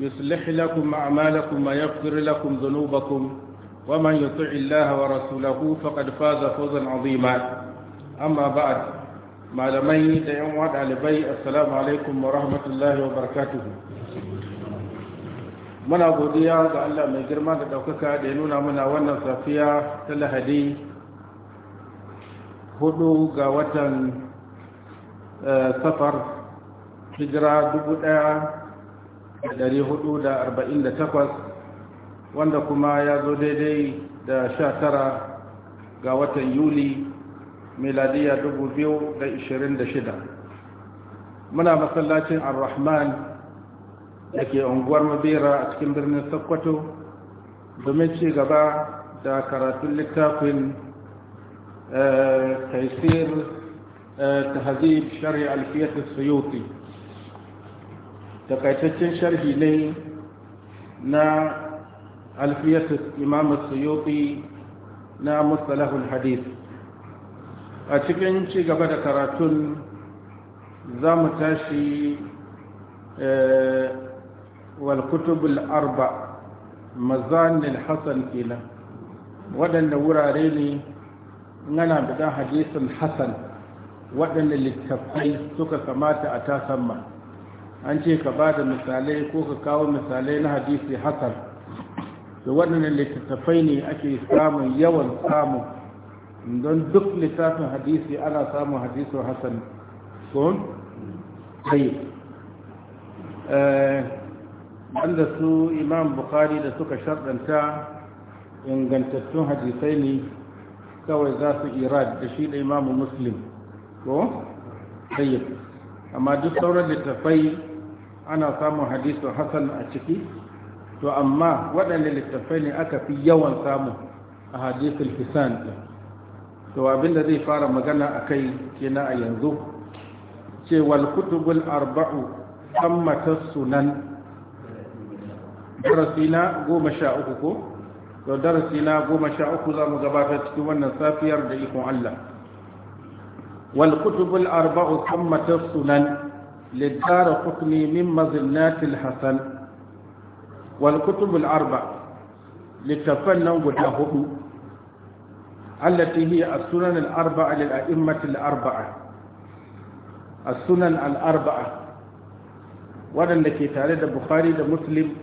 يصلح لكم أعمالكم ويغفر لكم ذنوبكم ومن يطع الله ورسوله فقد فاز فوزا عظيما أما بعد malamai da yan ɗalibai alibai assalamu alaikum wa rahmatullahi wa barakatuhu muna godiya ga Allah mai girma da ɗaukaka da ya nuna muna wannan safiya ta lahadi hudu ga watan safar hijira dubu daya 448 wanda kuma ya zo daidai da 19 ga watan yuli miladiya 2026 muna masallacin ar-rahman da ke unguwar mabera a cikin birnin sokoto domin ci gaba da karatun littafin eh, taisir eh, tahazib shari'a alfiyar suyuti takaitaccen sharhi ne na alfiyatus imam suyuti na mustalahul hadith a cikin ci gaba da karatun za mu tashi eh, walkutubul arba mazanin hassan kenan waɗanda wurare ne ngana bidan hadisin hassan waɗanda littafai suka kamata a tasamma an ce ka ba da misalai ko ka kawo misalai na hadisi hasar da waɗannan littattafai ne ake samun yawan samu don duk littafin hadisi ana samun hadisun hasan sun tsaye eh, wanda su imam bukari da suka shaɗanta ingantattun hadisai ne kawai za su irad da shi da imamu muslim ko tsaye amma duk sauran littattafai ana samun hadisun Hassan a ciki to amma waɗanda littattafai ne aka fi yawan samu a hadisul hisan ɗin to abinda zai fara magana a kai kina a yanzu Ce kutubul arba'u ammatar sunan darasi na goma sha uku ko Da darasi na goma sha uku za mu gabatar cikin wannan safiyar da ikon allah walkutubul arba'u ammatar sunan للدار قطني من مظلات الحسن والكتب الأربع لتفنن وجهه التي هي السنن الأربعة للأئمة الأربعة السنن الأربعة waɗanda ke tare da bukhari da muslim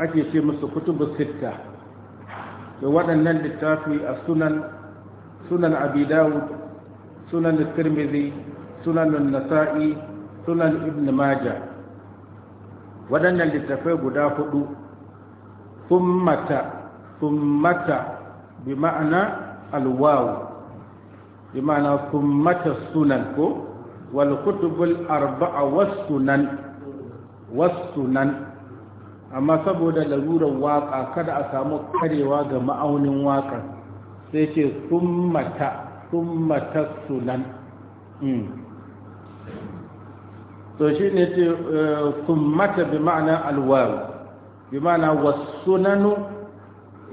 ake ce musu kutubu sitta da waɗannan littafi a sunan sunan abi dawud sunan sunan nasa'i sunan ibn majah waɗannan littafai guda hudu summata summata bi ma'ana alwawu bi ma'ana summata sunan ko wal arba'a was-sunan amma saboda larurar waka kada a samu karewa ga ma'aunin waka sai ce summata summata sunan hmm. to shi ne ce kummata bi ma'ana alwaru bi ma'ana wasunanu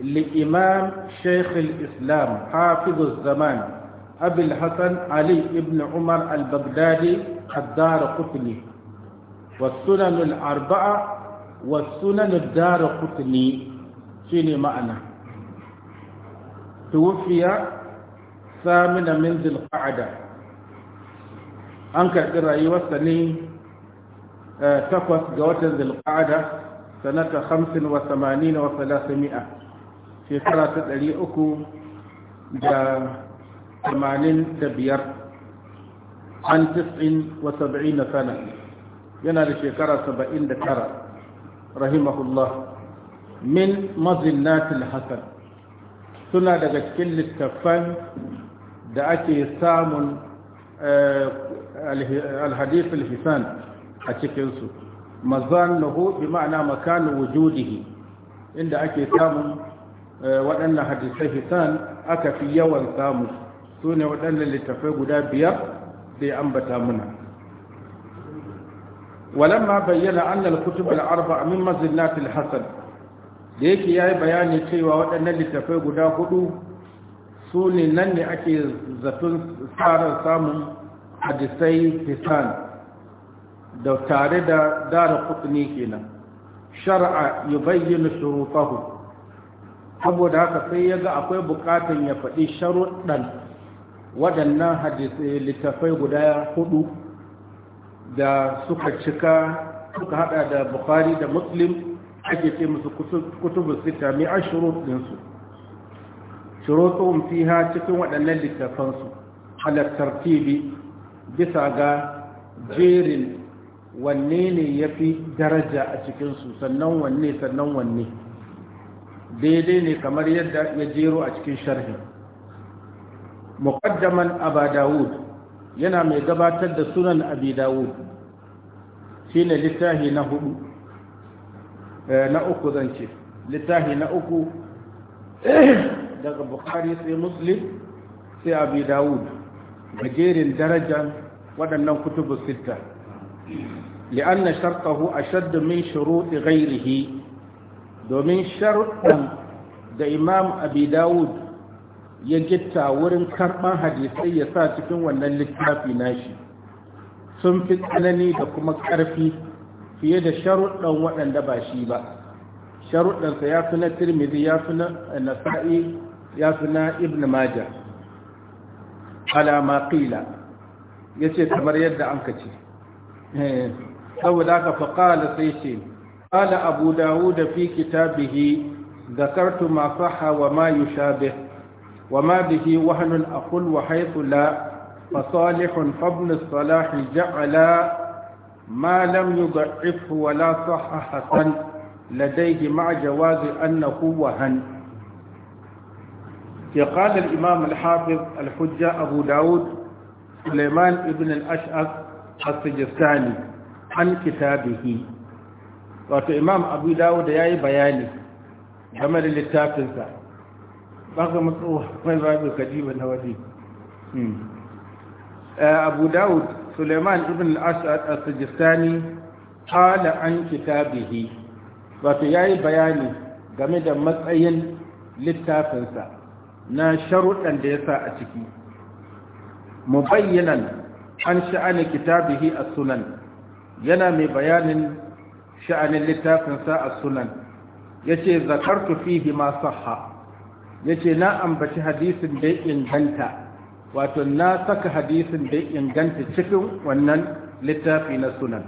li'imam shaykh al-islam hafiz zaman abi al ali ibn umar al-baghdadi ad-dar qutni والسنن الأربعة والسنن الدار قطني شيني معنى توفي ثامن من ذي القعدة an karɓi rayuwarsa ne Eh, takwas ga watan zulqa'ada sanata 85 wa 300 shekara ta 300 da 85 an 79 sana yana da shekara 79 rahimahullah min mazillatil hasan suna daga cikin littafan da ake samun eh, alhadith al-hisan a cikinsu mazannahu bi ma'ana makanin wujudihi inda ake samun eh, waɗannan hadisai hisan aka fi yawan samu su ne waɗannan littafai guda biyar sai ambata muna ولما بين أن الكتب الأربع من مزنات الحسن ليك ياي bayani cewa waɗannan littafai guda hudu su ne nan ne ake zaton tsarin samun hadisai hisan da tare da dara kutni kenan shar'a ya bayyana shurutahu saboda haka sai ya ga akwai bukatan ya faɗi sharuɗan waɗannan hadisai littafai guda hudu da suka cika suka hada da bukari da muslim ake ce musu kutubu sita mai an shurut ɗinsu fiha cikin waɗannan littafansu halar Tv bisa ga jerin wanne ne ya fi daraja a cikinsu sannan wanne sannan wanne daidai ne kamar yadda ya jero a cikin sharhi muqaddaman aba dawud yana mai gabatar da sunan abi dawud shi ne littahi na hudu eh, na uku zance littahi na uku daga bukari sai muslim sai abi dawud jerin darajan waɗannan kutubu sitta li'anna shartahu ashadd min shuruɗi ghairihi domin sharuɗan da imam abi dawud ya gitta wurin karɓar hadisai ya sa cikin wannan littafi nashi sun fi tsanani da kuma ƙarfi fiye da sharuɗan waɗanda ba shi ba sharuɗansa ya fi na tirmidhi ya fi na nasa'i ya fi na ibn majah alama ƙila ya ce kamar yadda an ka ce saboda haka faƙala sai ce ƙala abu dawo da fi kitabihi zakartu ma saha wa ma yushabih wa ma bihi wahanun aqul wa haythu la فصالح فابن الصلاح جعل ما لم يضعفه ولا صح حسن لديه مع جواز أنه وهن قال الإمام الحافظ الحجة أبو داود سليمان ابن الأشعث as-sijistani an kitabihi wato abu dawud da yayi bayani game da suleiman ibn al-asad al sijistani kala an kitabihi wato yayi bayani game da matsayin littafinsa na sharuɗan da ya sa a ciki mubayyanan an sha'ani kitabihi a sunan yana mai bayanin sha'anin littafinsa a sunan ya ce zakartu fihi ma saha. ya ce na ambaci hadisin da inganta wato na saka hadisin da inganta cikin wannan littafi na sunan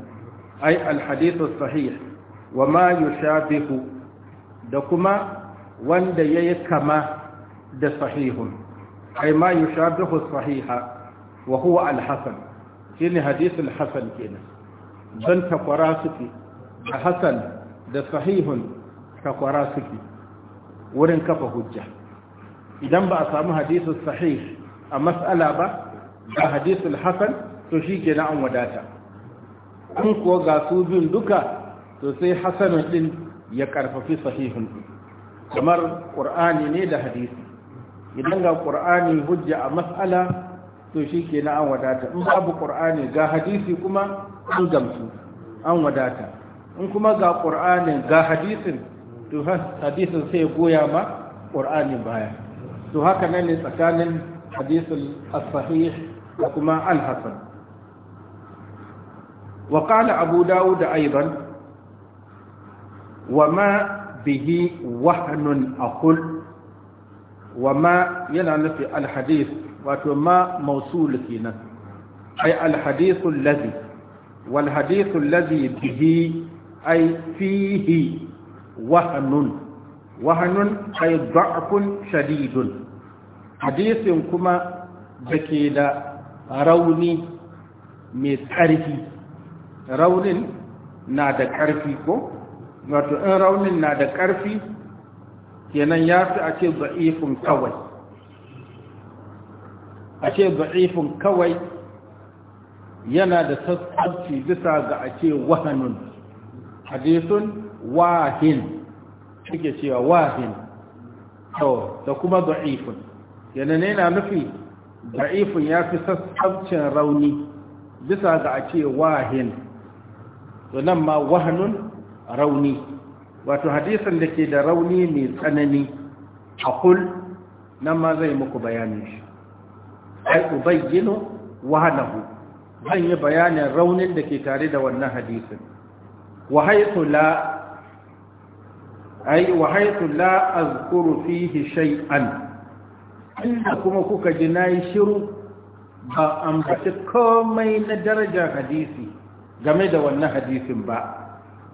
ai alhadisu sahih wa ma yushabihu da kuma wanda ya yi kama da sahihun ai ma yushabihu sahiha wa huwa alhasan shine hadisul hasan kenan don takwara suke da hasan da sahihun takwara suke wurin kafa hujja idan ba a samu hadisul sahih a mas'ala ba ga hadisul hasan to shi kenan an wadata in kuwa ga su biyun duka to sai ɗin din ya karfafi sahihun din kamar ƙur'ani ne da hadisi idan ga ƙur'ani hujja a mas'ala to shi ke na an wadata in babu ƙur'ani ga hadisi kuma an gamsu an wadata in kuma ga ƙur'anin ga hadisin to hadisin sai goya ma ƙur'ani baya to haka nan ne tsakanin hadisul as-sahih da kuma al-hasan wa qala abu dawud aidan wa ma bihi wahnun aqul wa ma yana nufi al-hadith wato ma mausul kenan ai alhadithu allazi wal hadithu allazi bihi ai fihi wahnun wahnun ai da'fun shadidun hadisin kuma dake da rauni mai tsarki raunin na da ƙarfi ko wato in raunin na da ƙarfi kenan ya fi a ce ba'ifin kawai A ce da'ifun kawai yana da sassanci bisa ga a ce wahanun hadisun wahin suke cewa wahin da kuma da'ifun yana ne na nufi da'ifun ya fi sassancin rauni bisa ga a ce wahin nan ma wahanun rauni wato hadisun da ke da rauni mai tsanani a kul nan ma zai muku bayanin shi ai ubayyinu wahanahu zan yi bayanin raunin da ke tare da wannan hadisin wa haythu la ai wa la azkuru fihi shay'an inda kuma kuka ji nayi shiru ba ambaci komai na darajar hadisi game da wannan hadisin ba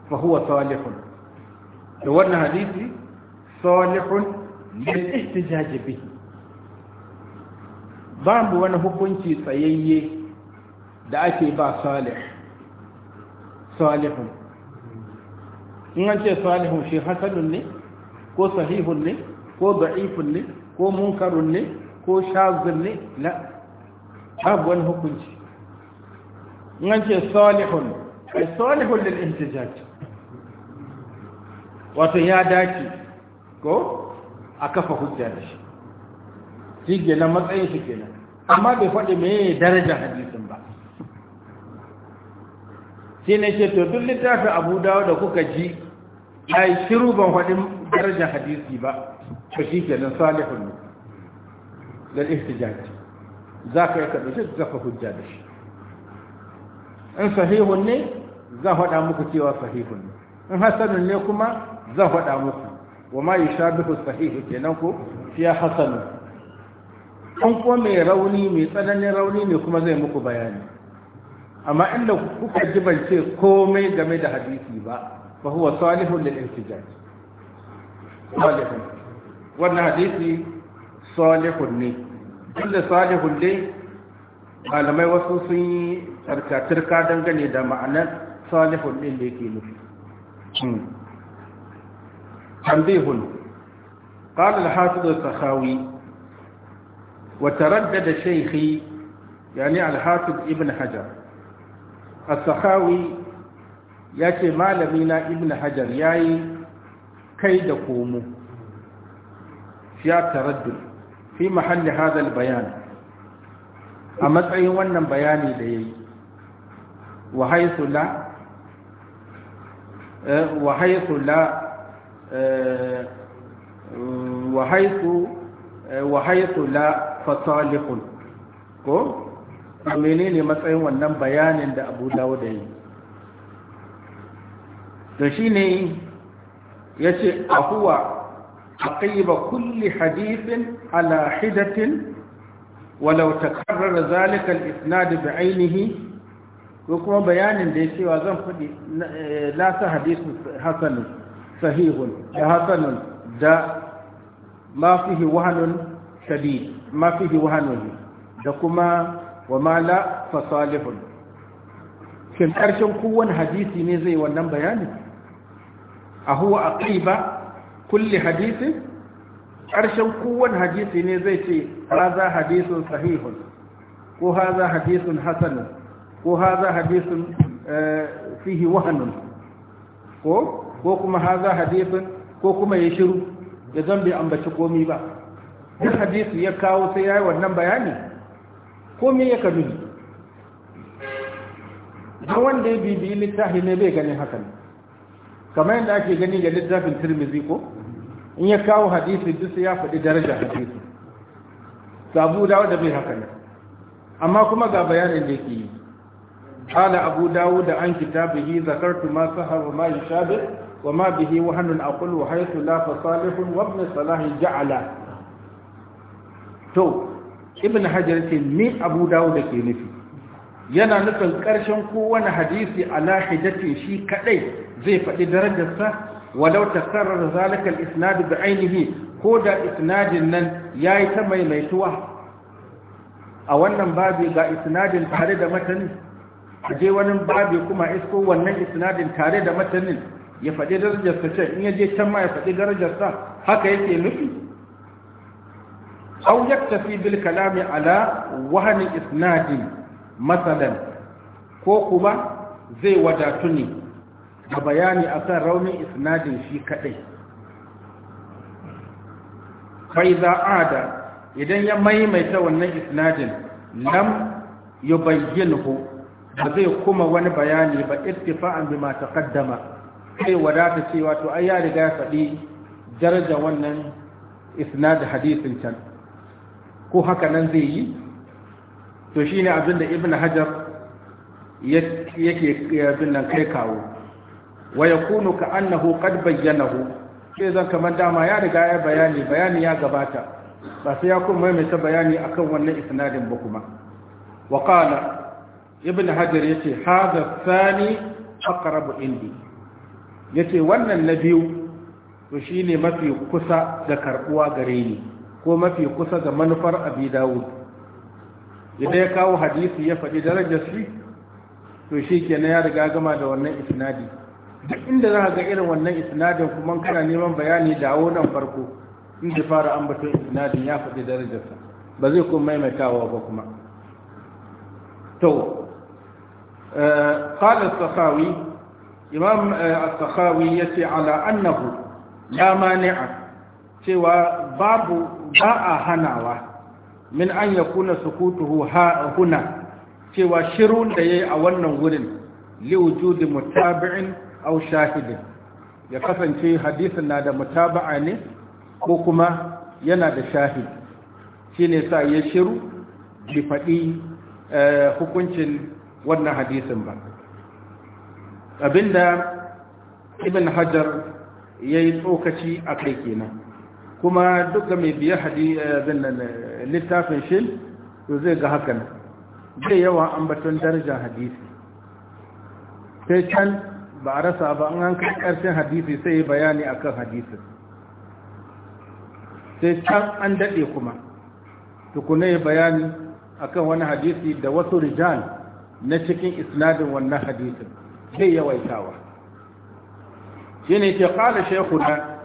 fa huwa salihun da wannan hadisi salihun lil ihtijaj bihi babu wani hukunci tsayayye da ake ba salih salihun in an ce salihun shi hasanun ne ko sahihun ne ko da'ifun ne ko munkarun ne ko shazin ne na babu wani hukunci in an ce salihun ai salihun lil intijaj wato ya dace ko a kafa hujja da shi shi kenan matsayin shi kenan amma bai faɗi me daraja hadisin ba shi ne ce to duk littafin abu dawo da kuka ji ya yi shiru ban faɗi daraja hadisi ba to shi kenan salihun ne da ihtijaji za ka yi kaɗa shi zafa hujja da shi in sahihun ne za faɗa muku cewa sahihun ne in hasanun ne kuma za faɗa muku وما يشابه yi كنكو sahihu kenan an kuma mai rauni mai tsananin rauni ne kuma zai muku bayani amma inda kuka ji ban ce komai game da hadisi ba fa huwa salihun lil intijaj salihun wannan hadisi salihun ne da salihun dai malamai wasu sun yi ka dangane da ma'anar salihun din da yake nufi hmm. tambihun قال الحافظ السخاوي وتردد شيخي يعني الحافظ ابن حجر السخاوي يأتي ما لبينا ابن حجر ياي كيد كومو يا تردد في محل هذا البيان أما أي ونن بياني لي وحيث لا وحيث لا وحيث وحيث لا fasalihun ko ne matsayin wannan bayanin da abu dawo da yi da shi ne ya ce a huwa a ƙaiba kulli hadifin ala hidatin walau ta zalikal isnadu da ainihi ko kuma bayanin da ya cewa zan faɗi eh, lasa hadisun hasanun sahihun da hasanun da ma fihi wahalun sabil ma fihi wahanuhu da kuma wa mala fa salihun shin karshen kowane hadisi ne zai wannan bayani a huwa aqiba kulli hadisi karshen kowane hadisi ne zai ce haza hadisun sahihun ko haza hadisun hasanun ko haza hadisun fihi wahanun ko kuma haza hadisun ko kuma ya shiru zan zambe ambaci komi ba duk hadisi ya kawo sai ya yi wannan bayani ko me ya kadu don wanda ya bibiyi littafi ne bai ganin hakan kamar yadda ake gani ga littafin tirmizi ko in ya kawo hadisi duk sai ya faɗi daraja hadisi sabu dawo da bai hakan amma kuma ga bayanin da yake yi قال أبو ma عن كتابه ma ما سهر وما يشابه وما به وهن أقول وحيث لا فصالح وابن صلاح ja'ala to ibn hajar ce ni abu dawo da ke nufi yana nufin ƙarshen kowane hadisi a hijatin shi kaɗai zai faɗi darajarsa walau sarar zalikar isnadu da ainihi ko da isnadin nan ya yi ta maimaituwa a wannan babi ga isnadin tare da matanin A je wani babi kuma isko wannan isnadin tare da matanin ya faɗi darajarsa ce in ya je can ma ya faɗi darajarsa haka yake nufi aw yaktafi bil kalami ala wahani isnadi masalan ko kuma zai wadatu ne da bayani akan raunin isnadin shi kadai faiza ada idan ya maimaita wannan isnadin lam ya yubayyinhu ba zai kuma wani bayani ba ittifa'an bima taqaddama zai wadata cewa to ai ya riga ya faɗi daraja wannan isnad hadisin can ko haka nan zai yi to shi ne abinda ibn hajar yake abin nan kai kawo Waya kunu ka annahu bayyana bayyanahu sai zan kamar dama ya riga ya bayani bayani ya gabata ba sai ya kuma maimaita bayani akan wannan isnadin ba kuma wa qala ibn hajar yace hadha thani aqrabu indi yace wannan na biyu to shine mafi kusa da karbuwa gare ni ko mafi kusa ga manufar abi dawud idan ya kawo hadisi ya faɗi darajar shi to shi kenan ya riga gama da wannan isnadi duk inda za ga irin wannan isnadin kuma kana neman bayani dawo nan farko in fara ambaton isnadin ya faɗi darajarsa ba zai kuma maimaitawa ba kuma to قال السخاوي إمام السخاوي يتي على أنه لا مانع سوى باب ba a hanawa min an ya kuna sukutuhu huna cewa shirun da ya yi a wannan wurin liwujudi mutabi'in au shahidin ya kasance hadisin na da mutaba'a ne ko kuma yana da shahid shi ne sa ya shiru bi faɗi eh, hukuncin wannan hadisin ba abinda ibn hajar ya yi tsokaci a kai kenan kuma duka mai biya hadi eh, eh, littafin shi to zai ga hakan zai yawa an ambaton darajar hadisi sai can ba a rasa ba an kai karshen hadisi sai bayani akan hadisin sai can an daɗe kuma yi bayani akan wani hadisi da wasu rijal na cikin isnadin wannan hadisin zai yawaitawa shi ne ke ƙala shekuna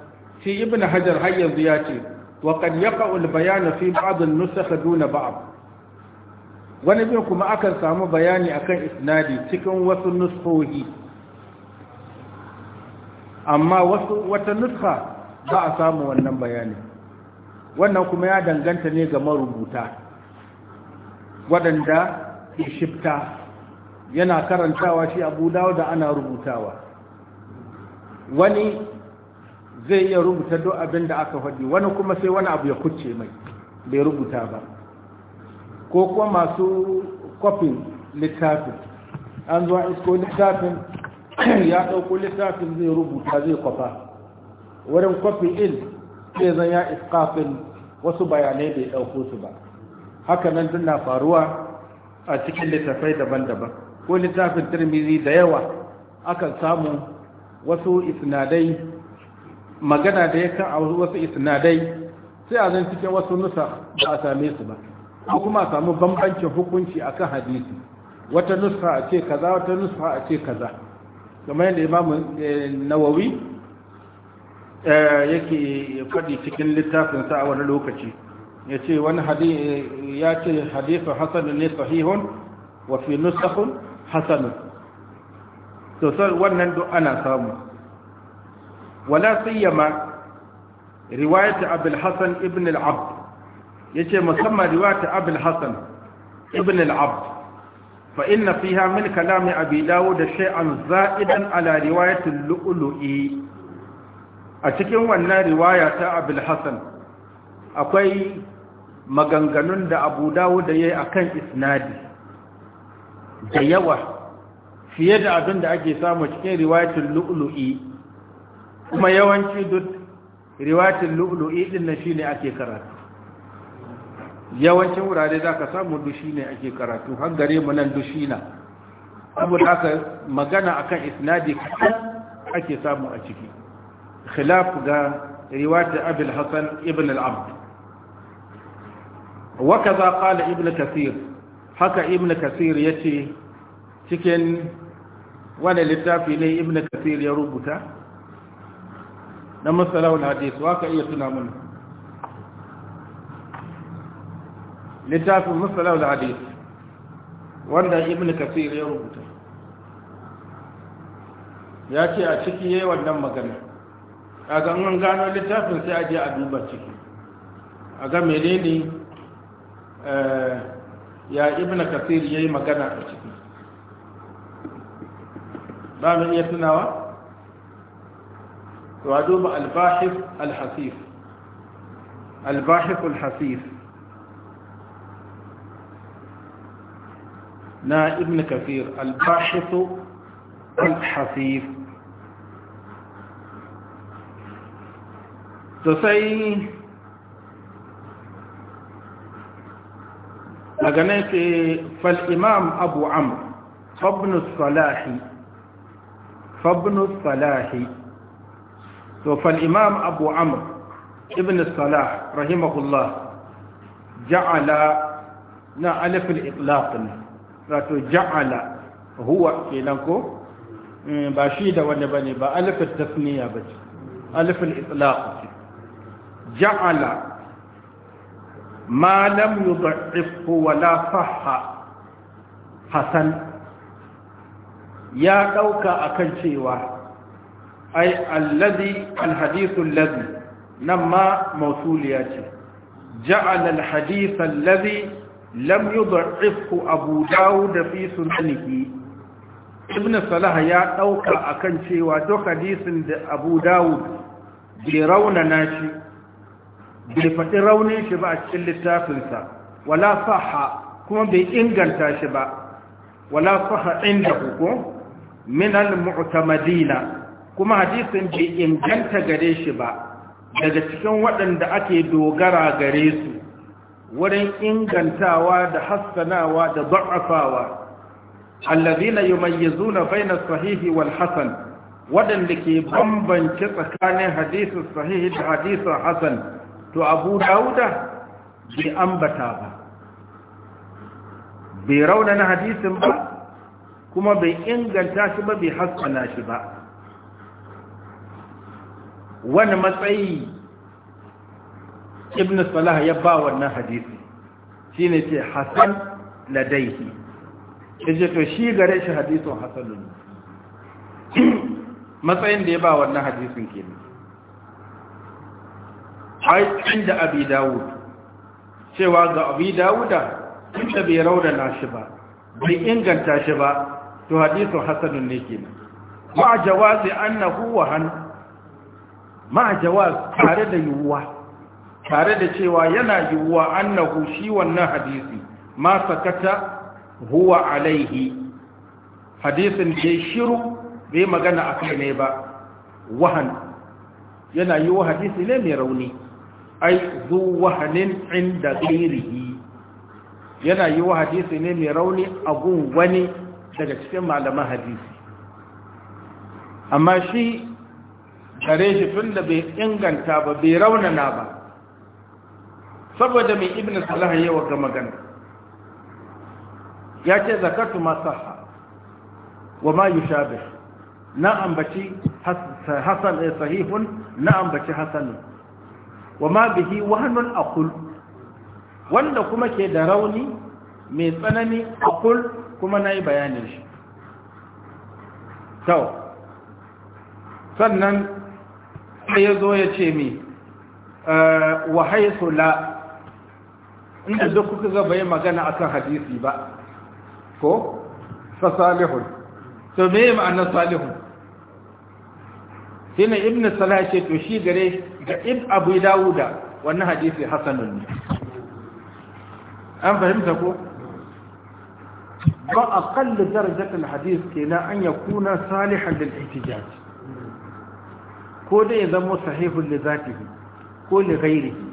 shi ibn hajar har yanzu ya ce wa kan ya al bayana fi ba'adun an duna wani bin kuma akan samu bayani akan isnadi cikin wasu nusfohi. amma wasu wata nusfa ba a samu wannan bayani wannan kuma ya danganta ne ga marubuta waɗanda shifta yana karantawa shi abu dawo da ana rubutawa wani zai iya rubuta duk abin da aka faɗi wani kuma sai wani abu ya kucce mai bai rubuta ba ko kuma masu kwafin littafin an zuwa isko littafin ya ɗauko littafin zai rubuta zai kwafa wurin kwafin il sai zan ya iskafin wasu bayanai bai ɗauko su ba haka nan duk na faruwa a cikin littafai daban-daban ko littafin turmizi da yawa akan samu wasu isnadai magana da ya kan a wasu isnadai sai a zan cikin wasu nusa ba a same su ba ko kuma a samu bambancin hukunci a kan hadisi wata nusa a ce kaza wata nusa a ce kaza kamar yadda imamu eh, nawawi eh, yake faɗi cikin littafin sa a wani lokaci ya ce wani ya ce hadisun hasanun ne sahihun wafi fi nusahun hasanun to wannan duk ana samu wala siyama riwayat abul hasan ibn al-abd yace musamman riwayat abul hasan ibn al-abd fa inna fiha min kalam abi dawud shay'an za'idan ala riwayat al-lu'lu'i a cikin wannan riwaya ta abul hasan akwai maganganun da abu dawud ya yi akan isnadi da yawa fiye da abin da ake samu cikin riwayatul lu'lu'i kuma yawanci duk riwatin lu'lu'i din na shine ake karatu yawancin wurare za ka samu dushi ne ake karatu har gare mu nan dushi na saboda haka magana akan isnadi kaɗan ake samu a ciki khilaf ga riwata abul hasan ibn al-abd wa kaza qala ibn kathir haka ibn kathir yace cikin wani littafi ne ibn kathir ya rubuta na masalahul hadis wa ka iya tuna mun littafin masalahul hadis wanda ibn kafir ya rubuta ya ce a ciki yayi wannan magana a ga an gano littafin sai a je a duba ciki a ga menene eh, ya ibn ya yayi magana a ciki ba mu iya tunawa وأدوب الباحث الحثيف الباحث الحثيف نا ابن كثير الباحث الحثيف تسعي أغنيت فالإمام أبو عمرو فابن الصلاحي فابن الصلاحي to fal imam abu amr ibn salah rahimahullah ja'ala na alifin itlaqin wato ja'ala huwa kenan ko mm, ba shi da wani ba ne ba alifin tasniya ba ce alifin itlaqin ja'ala ma lam yudhifhu wala faha hasan ya ɗauka akan cewa ai Alladhi alhadithu allazi nan ma mausuliya ce ja'ala alhadith allazi lam yudhifhu abu dawud fi sunanihi ibn salah ya dauka akan cewa duk hadisin da abu dawud bai raunana shi raunin shi ba a cikin littafinsa wala saha kuma bai inganta shi ba wala saha inda hukum min al-mu'tamadina kuma hadisin bai inganta gare shi ba daga cikin waɗanda ake dogara gare su wurin ingantawa da hassanawa da da'afawa allazina yumayyizuna baina sahihi wal hasan waɗanda ke bambance tsakanin hadisin sahihi da hadisin hasan to abu dauda bai ambata ba bai raunana hadisin ba kuma bai inganta shi ba bai hassana shi ba wani matsayi ibn salah ya ba wannan hadisi shi ne ce hasan ladaihi ya ce to shi gare shi hadisun hasanun matsayin da ya ba wannan hadisun ke ne haifin da abi dawud cewa ga abi dawuda tun da bai na shi ba bai inganta shi ba to hadisun Hassanun ne ke ne ma jawazi annahu wa hannu ma jawaz tare da yiwuwa tare da cewa yana yiwuwa annahu shi wannan hadisi ma sakata huwa alaihi hadisin ke shiru bai magana a kai ne ba wahan yana yiwuwa hadisi ne mai rauni ai zu wahanin inda tsirihi. yana yiwuwa hadisi ne mai rauni a gun wani daga cikin malaman hadisi amma shi tare shi tun da bai inganta ba bai raunana ba saboda mai ibn salah yawa ga magana ya ce zakatu masaha wa ma yushabe na ambaci hasan eh, sahihun na ambaci hasanun wa ma bihi wahanun akul wanda kuma ke da rauni mai tsanani akul kuma na yi bayanin shi sannan sai ya zo ya ce mi eh, wa haisu la inda duk kuka ga bai magana akan hadisi ba ko fa salihun to me ma'anar salihun shine ibnu salah ce to shi gare ga ib abu dawuda wannan hadisi hasanun ne an fahimta ko ba aqallu darajat alhadith kenan an yakuna salihan lil ihtijaj ko dai ya zama sahihun li zatihi ko li ghairihi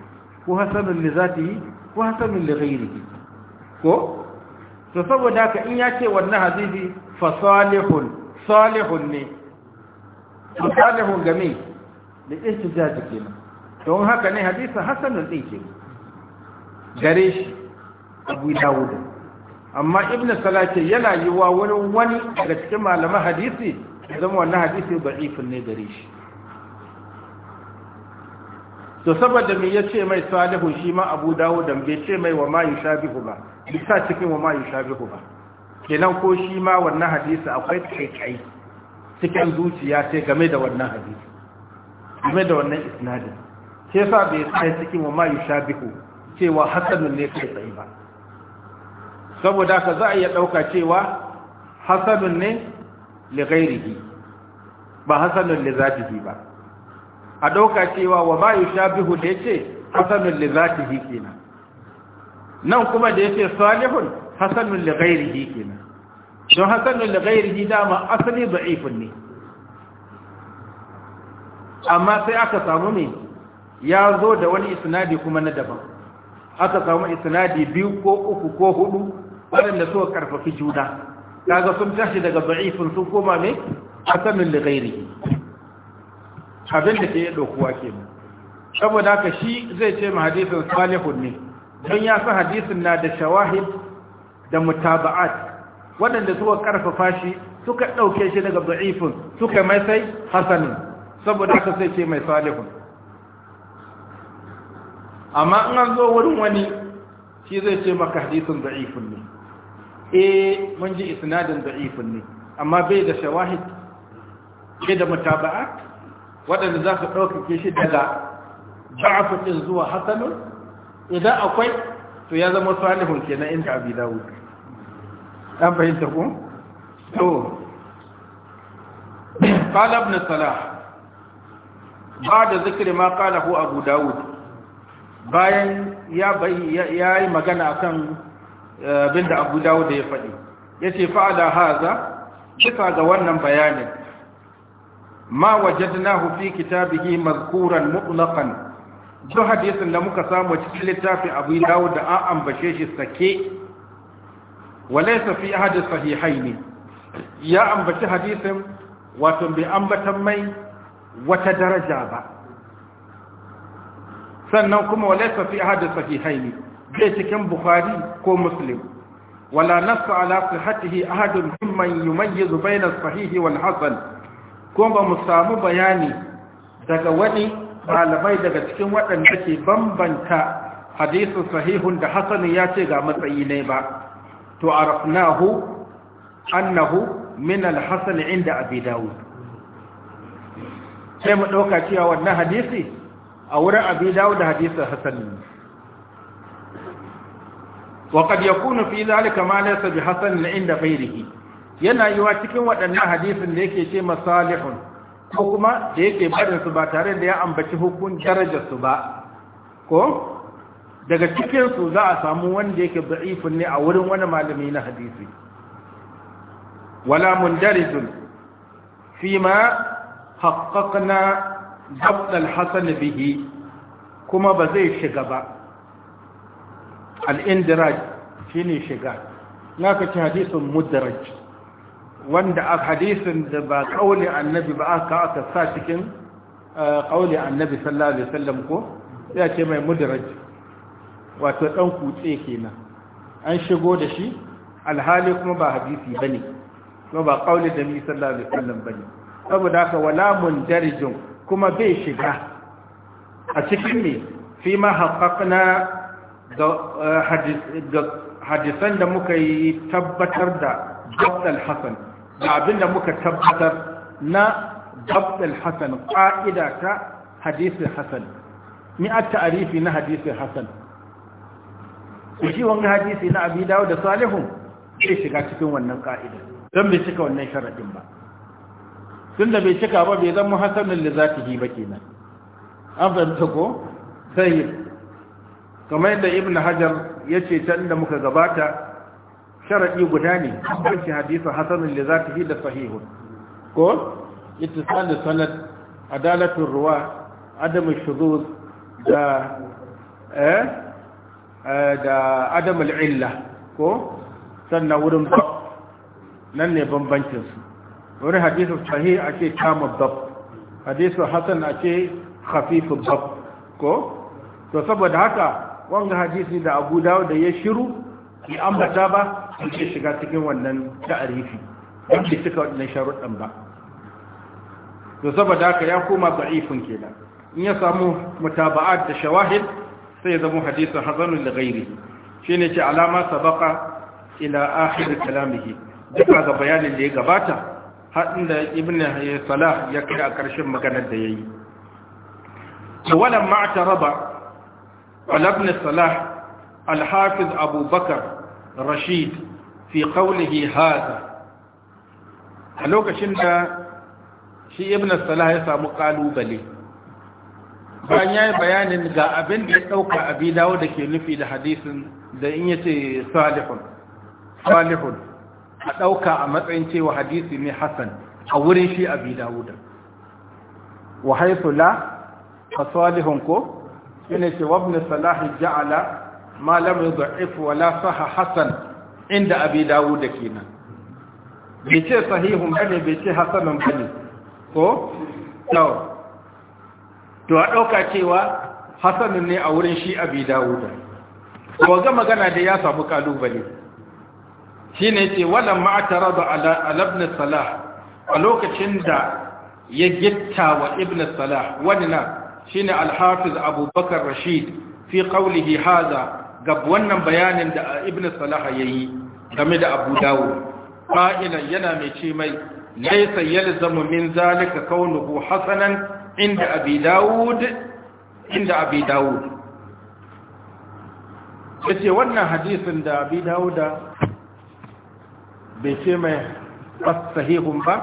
ko hasanun li zatihi ko hasanun li ghairihi ko to saboda haka in ya ce wannan hadisi fa salihun salihun ne to salihun game da istijaji kenan To haka ne hadisi hasanun din ke gare shi abu dawud amma ibnu salati yana yiwa wani wani daga cikin malaman hadisi zama wannan hadisi da'ifin ne gare shi to saboda me yace mai salihu shi ma abu dawo dan bai ce mai wa ma yushabihu ba bisa cikin wa ma yushabihu ba kenan ko shi ma wannan hadisi akwai kai cikin zuciya ce game da wannan hadisi game da wannan isnadin sai sa bai sai cikin wa ma yushabihu cewa hasanun ne kai tsaye ba saboda ka za a iya dauka cewa hasanun ne li ghairihi ba hasanun li zatihi ba a ɗauka cewa wa Sha bihu da ce hasanun li zatihi nan kuma da ce salihun hasanun li ghairihi don hasanun li ghairihi ma asali ifin ne amma sai aka samu ne ya zo da wani isnadi kuma na daban aka samu isnadi biyu ko uku ko hudu waɗanda suka karfafi juna kaga sun tashi daga ba'ifin sun koma ne hasanun li abin da ke ya dokuwa ke mu saboda haka shi zai ce ma hadisin salihun ne don ya san hadisin na da shawahid da mutaba'at waɗanda suka karfafa shi suka ɗauke shi daga ba'ifin suka mai sai hasanin saboda haka sai ce mai salihun amma in an zo wurin wani shi zai ce maka hadisin da'ifin ne eh mun ji isnadin da'ifin ne amma bai da shawahid bai da mutaba'at waɗanda za su ɗaukake shi daga ba'afin zuwa hasanun idan akwai to ya zama salihun kenan inda abi dawud ɗan fahimta ku to قال ابن ba da zikiri ma قاله abu Dawud bayan ya yi magana akan eh, abinda abu Dawud ya faɗi ya ce fa'ada haza kisa ga wannan bayanin ma wajadnahu fi kitabihi mazkuran mutlaqan duk hadisin da muka samu cikin littafin Abu dawo da an ambace shi sake walaysa fi ahad sahihain ya ambaci hadisin wato bai ambatan mai wata daraja ba sannan kuma walaysa fi ahad sahihain bai cikin Bukhari ko Muslim wala nasu ala sihhatihi ahadun mimman yumayyizu bayna as-sahih wal hasan kuma ba mu samu bayani daga wani malamai daga cikin waɗanda ke bambanta hadisun sahihun da hasani ya ce ga matsayi ne ba to arafnahu annahu min alhasan inda abi dawud sai mu ɗauka cewa wannan hadisi a wurin abi dawud hadisun hasani وقد يكون في ذلك ما ليس بحسن عند غيره yana yiwa cikin waɗannan hadisin da yake ce masalihun ko kuma da yake barin ba tare da ya ambaci hukun darajarsu ba ko daga cikinsu za a samu wanda yake da'ifun ne a wurin wani malami na hadisi wala mundarijun fima haqqaqna dabt al Hassan bihi kuma ba zai shiga ba al shi shine shiga Na kaci hadisin mudarraj wanda a hadisin da ba kauli annabi ba aka aka sa cikin eh, kauli annabi sallallahu alaihi wasallam ko ya ce mai mudraj wato dan kutse kenan an shigo da shi alhali kuma ba hadisi bane kuma ba kauli da mi sallallahu alaihi wasallam bane saboda haka wala mundarijun kuma bai shiga a cikin ne fi ma haqqaqna da eh, hadisan da muka yi tabbatar da Abdul Hassan ga abin da muka tabbatar na dabdal hasan ƙa'ida ta hadisin hasan ni a ta'arifi na hadisin hasan su shi wani hadisi na abi dawo da salihun zai shiga cikin wannan ƙa'ida don bai cika wannan sharaɗin ba tun da bai cika ba bai zama hasanin da za ta yi ba kenan an fahimta ko sai kamar yadda ibn hajar ya ce can da muka gabata sharadi guda ne shi hadisi hasanun ta fi da sahihu ko ittisal sanad adalatu ruwa adam shuzuz da eh, eh da adam al'illa ko sannan wurin nan ne bambancin su wurin hadisi sahih ake kama dab hadisi hasan ake khafifu dab ko to saboda haka wanga hadisi da Abu Dawud da ya shiru ya ambata ba sun ce shiga cikin wannan ta'arifi don bai cika waɗannan sharuɗan ba to saboda haka ya koma da'ifin kenan in ya samu mutaba'at da shawahid sai ya zama hadisin hazanun da gairi shi ne ce alama sabaka ila akhir kalamihi duka ga bayanin da ya gabata haɗin da ibn salah ya kai a ƙarshen maganar da ya yi walan ma'ata raba alabni salah alhafiz abubakar rashid fi qawlihi hada a lokacin da shi ibn salah ya samu kalubale bayan ya yi bayanin ga abin da ya ɗauka abi dawo da ke nufi da hadisin da in yace salihun salihun a ɗauka a matsayin cewa hadisi ne hasan a wurin shi abi dawo da wa haifula fa salihun ko yana ce wabna salahi ja'ala ma lam yudhif wa la sahha hasan inda abi dawud kenan bai ce sahihun bane bai ce hasanun bane ko to to a dauka cewa hasanun ne a wurin shi abi dawud ko ga magana da ya samu kalubale shine ce wala ma'tarada ala ala ibn salah a lokacin da ya gitta wa ibn salah wannan shine al-hafiz abubakar rashid fi qawlihi hadha ga wannan bayanin da ibn salah ya yi game da abu dawo ƙa'ilan yana mai ce mai laisa yalzamu min zalika kaunuhu hasanan inda abi dawud inda abi dawud yace wannan hadisin da abi Dawud, bai ce mai sahihun ba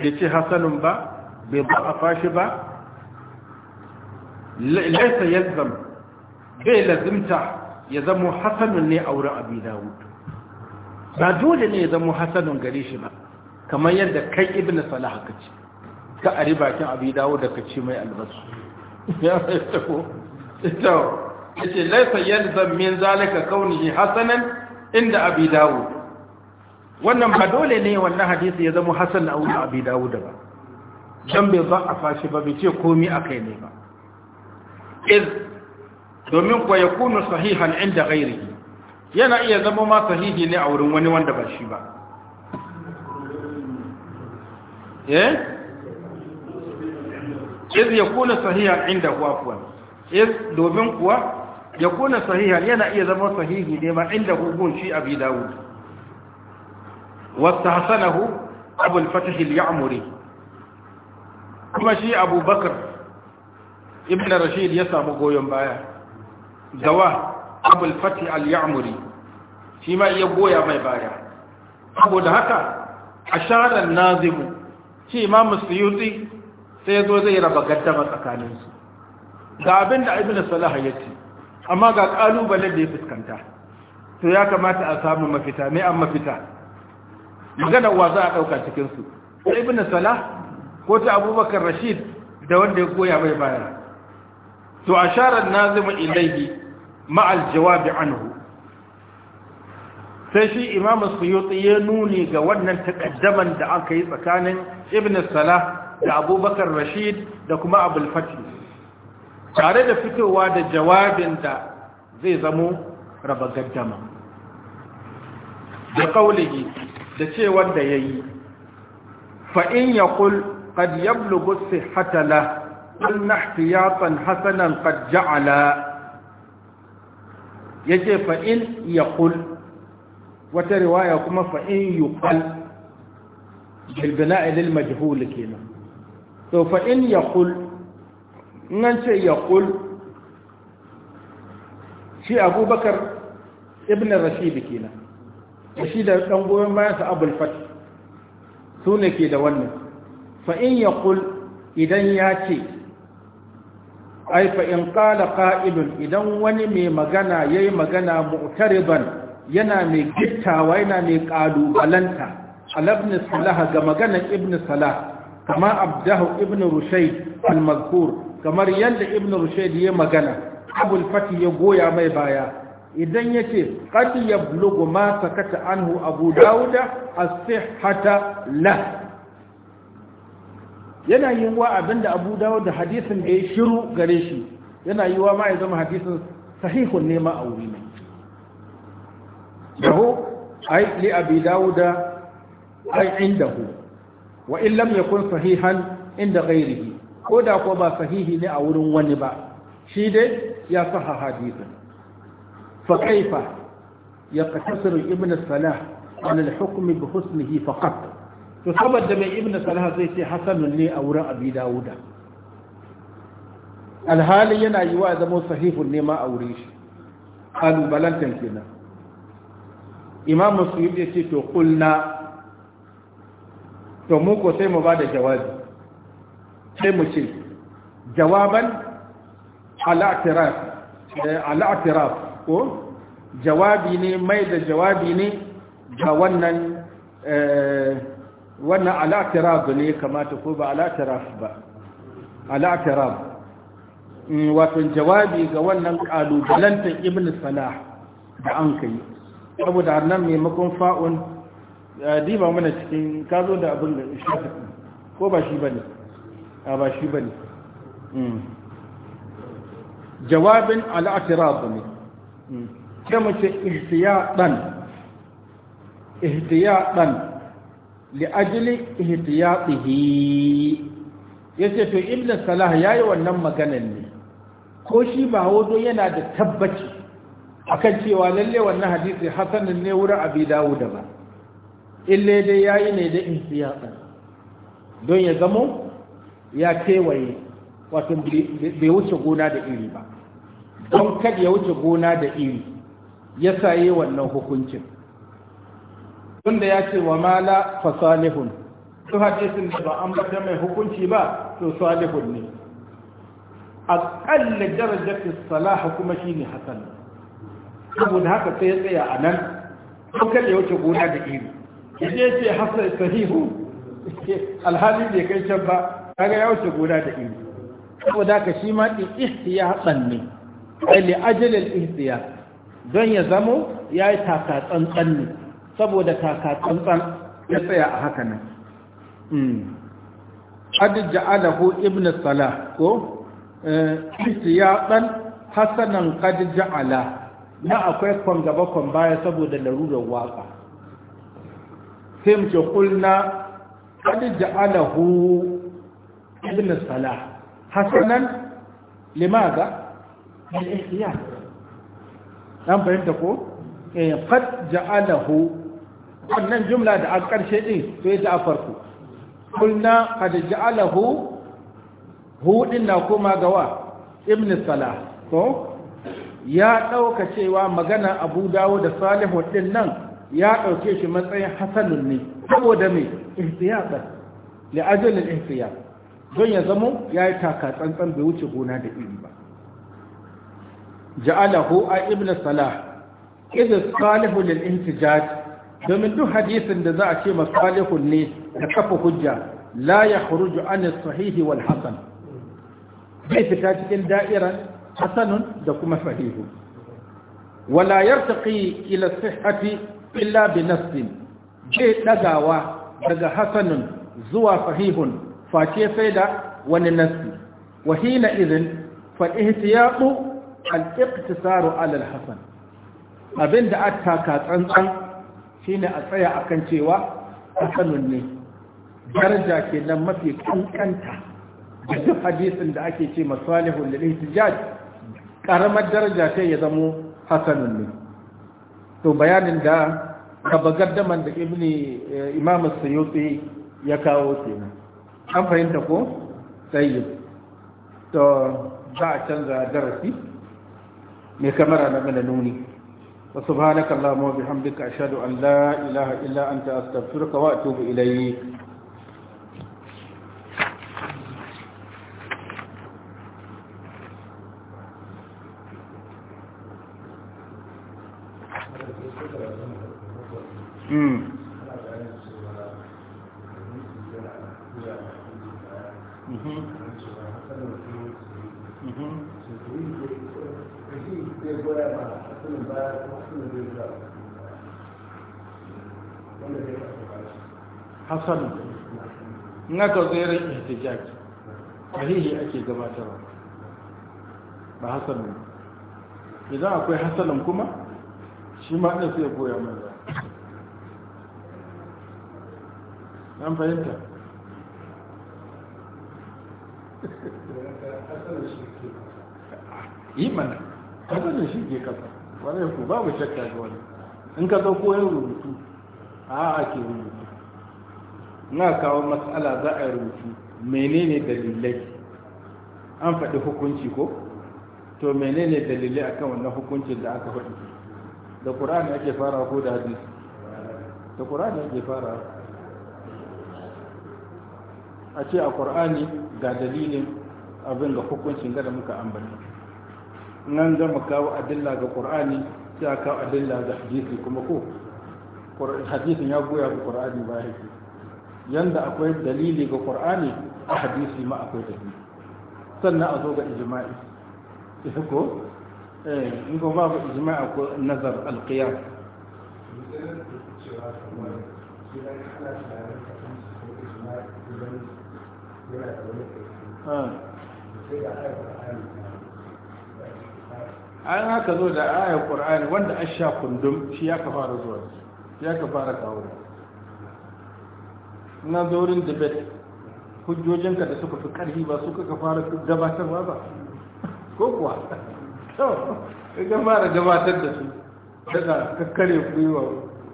bai ce hasanun ba bai a fashi ba laisa yalzam bai lazimta ya zama hasanun ne a wurin abi dawud ba dole ne ya zama hasanun gare shi ba kamar yadda kai ibn salah ka ce ka a ribakin abi dawud da ka ce mai albasu ya sai ko ita yace yadda zan min zalika kaunihi hasanun inda abi dawud wannan ba dole ne wannan hadisi ya zama hasan a wurin abi dawud ba can bai za a fashi ba bai ce komai kai ne ba domin kuwa ya kunu sahihan inda ghairihi yana iya zama ma sahihi ne a wurin wani wanda ba shi ba eh iz yakuna sahihan inda huwa afwan iz domin kuwa ya yakuna sahihan yana iya zama sahihi ne ma inda hukun shi abi dawud wastahsanahu abul fatih al-ya'muri kuma shi abubakar ibn rashid ya samu goyon baya gawa abul fati al-ya'muri shi ma iya goya mai baya saboda haka asharar nazimu shi ma suyuti sai zo zai raba gaddama tsakaninsu ga abin da ibn salah ya ce amma ga kalubalen da ya fuskanta to ya kamata a samu mafita mai an mafita magana wa za a ɗauka cikinsu ibn salah ko ta abubakar rashid da wanda ya goya mai baya to asharar nazima ilaihi ma'al jawabi anhu sai shi imamu suyuti ya nuni ga wannan takaddaman da aka yi tsakanin ibn salah da abubakar rashid da kuma abul fatih tare da fitowa da jawabin da zai zamo raba gaddama da kaulihi da cewar da ya yi fa'in ya kul ƙad yablugu inna ihtiyatan hasanan qad ja'ala yace fa in yaqul wata riwaya kuma fa in yuqal bil bina'i lil to fa in yaqul nan ce yaqul shi abubakar ibn rashid kina shi da dan goyen bayan sa fat su da wannan fa in yaqul idan ya ce ai fa in qala qa'ilun idan wani mai magana yayi magana mu'tariban yana mai gittawa yana mai kalubalanta alabn salah ga maganar ibn salah kama abdahu ibn rushayd al-mazkur kamar yadda ibn rushayd ya magana abul fati ya goya mai baya idan yace qad yablughu ma sakata anhu abu dauda as-sihhata la yana yiwuwa abinda abu dawo da hadisin da ya shiru gare shi yana yiwuwa ma ya zama hadisin sahihun ne ma a wuri mai. yahu ai li abi dawud ai hu, wa illam ya yakun sahihan inda gairihi ko da ko ba sahihi ne a wurin wani ba shi dai ya saha hadisin fa kaifa yaqtasiru ibn salah an al bi husnihi faqat to saboda mai ibn salah zai ce hasanun ne a wurin abi dawuda alhali yana yi wa zama sahihun ne ma a wurin shi kalubalantan kenan imamu suyub ya ce to kulna to mu ko sai mu ba da jawabi sai mu ce jawaban ala'tiraf eh, ala'tiraf ko jawabi ne mai da jawabi ne ga wannan eh, wannan al'atirab ne kamata ko ba al'atirab ba al'atirab mm, wato jawabi ga wannan kalubalantar ibn salah da an kai saboda nan maimakon fa'un diba mana cikin kazo da abin da shafi ko ba shi ba ne? a ba shi ba ne. Mm. jawabin al'atirab ne ke mm. mace ihtiyaɗan ihtiyaɗan li'ajili ihtiyatihi yace to ibnu salah yayi wannan maganar ne ko shi ba hodo yana da tabbaci akan cewa lalle wannan hadisi hasanin ne wurin abi dawud ba illa dai yayi ne da ihtiyatan don ya zamo ya kewaye wato bai wuce gona da iri ba don kada ya wuce gona da iri ya saye wannan hukuncin tunda ya ce wa mala fa salihun su hadisin da ba an bata mai hukunci ba to salihun ne A aƙalla darajatin salaha kuma shi ne hasan saboda haka sai ya tsaya a nan kuka ya wuce gona da iri ya ce hasan sahihu alhali bai kai can ba kaga ya wuce gona da iri saboda haka shi ma ɗin ihtiya hasan ne ai li ajalil ihtiya don ya zamo ya yi taka tsantsan ne saboda kaka ya tsaya a haka nan hmm. qad ja'alahu ibn salah ko eh, istiyadan hasanan qad ja'ala na akwai kwan gaba kwan baya saboda larurar waka sai mu ce kulna qad ja'alahu ibn salah hasanan Limaga. al-ihtiyad an fahimta ko eh, qad ja'alahu wannan jumla da an karshe din, to ita a farko kulna kada ja'alahu hu din na koma gawa ibn salah to ya ɗauka cewa magana abu dawo da salihu din nan ya ɗauke shi matsayin hasanun ne saboda mai ihtiyatar al ihtiyar don ya zamo ya yi taka tsantsan bai wuce gona da iri ba ja'alahu a ibn salah idh salihu lil intijaj domin duk hadisin da za a ce masalihun ne da kafa hujja la ya khuruju an sahihi wal hasan fita cikin da'iran hasanun da kuma sahihu wala yartaqi ila sihhati illa bi nafsin bai dagawa daga hasanun zuwa sahihun face sai da wani nafsi wa hina idhin fal ihtiyaqu al iqtisaru ala al hasan abinda attaka tsantsan shine a tsaya a kan cewa hasanun ne daraja ke nan mafi kankanta da duk hadisin da ake ce masalihul da ihtijaj karamar daraja ta ya zamo hasanun ne to bayanin da kabagadaman da ibni eh, imam sayyuti ya kawo kenan an fahimta ko tayyib to za a canza darasi mai kamara na mana nuni وسبحانك اللهم وبحمدك أشهد أن لا إله إلا أنت أستغفرك وأتوب إليك Mm. hmm, hmm. hasan in aka zairin ihtijaj sahihi ake gabatarwa ba hassan ne idan akwai hasanin kuma shi ma ɗin sai goya mai ba an fahimta yi mana hasanin shi ke kafa wannan ku babu shakka ga wani in ka zo koyon rubutu a ake rubutu na kawo matsala za a rubutu menene dalilai an faɗi hukunci ko to menene dalilai akan wannan hukuncin da aka faɗi da ƙur'ani ake fara ko da hadisi da ƙur'ani ake fara a ce a ƙur'ani ga dalilin abin ga hukuncin gada muka ambata nan zama kawo adilla ga qur'ani sai a kawo adilla ga hadisi kuma ko hadisi ya goya ga qur'ani ba yake yanda akwai dalili ga qur'ani a hadisi ma akwai dalili sannan a zo ga ijma'i ita ko eh in ko babu ijma'i ko nazar alqiyas Ah. an haka zo da ayar ƙur'ani wanda an sha kundum shi ya ka fara zuwa ya ka fara kawo na zaurin debate hujjojinka da suka fi ƙarfi ba suka ka fara gabatarwa ba ko kuwa ka fara gabatar da su daga kakkare kuiwa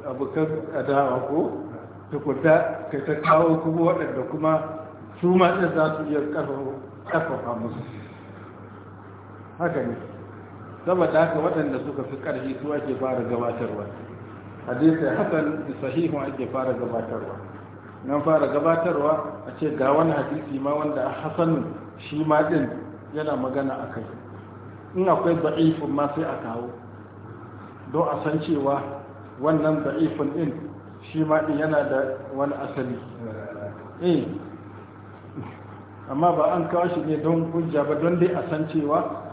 abokan adawa ko tukunta kai ta kawo kuma waɗanda kuma su ma ɗin za su iya ƙarfafa musu haka ne saboda haka waɗanda suka fi ƙarfi su ake fara gabatarwa hadisai hasan sahihu ake fara gabatarwa nan fara gabatarwa a ce ga wani hadisi ma wanda a shi ma ɗin yana magana a kai in akwai ba'ifin ma sai a kawo don a san cewa wannan ba'ifin ɗin shi ma ɗin yana da wani asali eh amma ba an kawo shi ne don hujja ba don dai a san cewa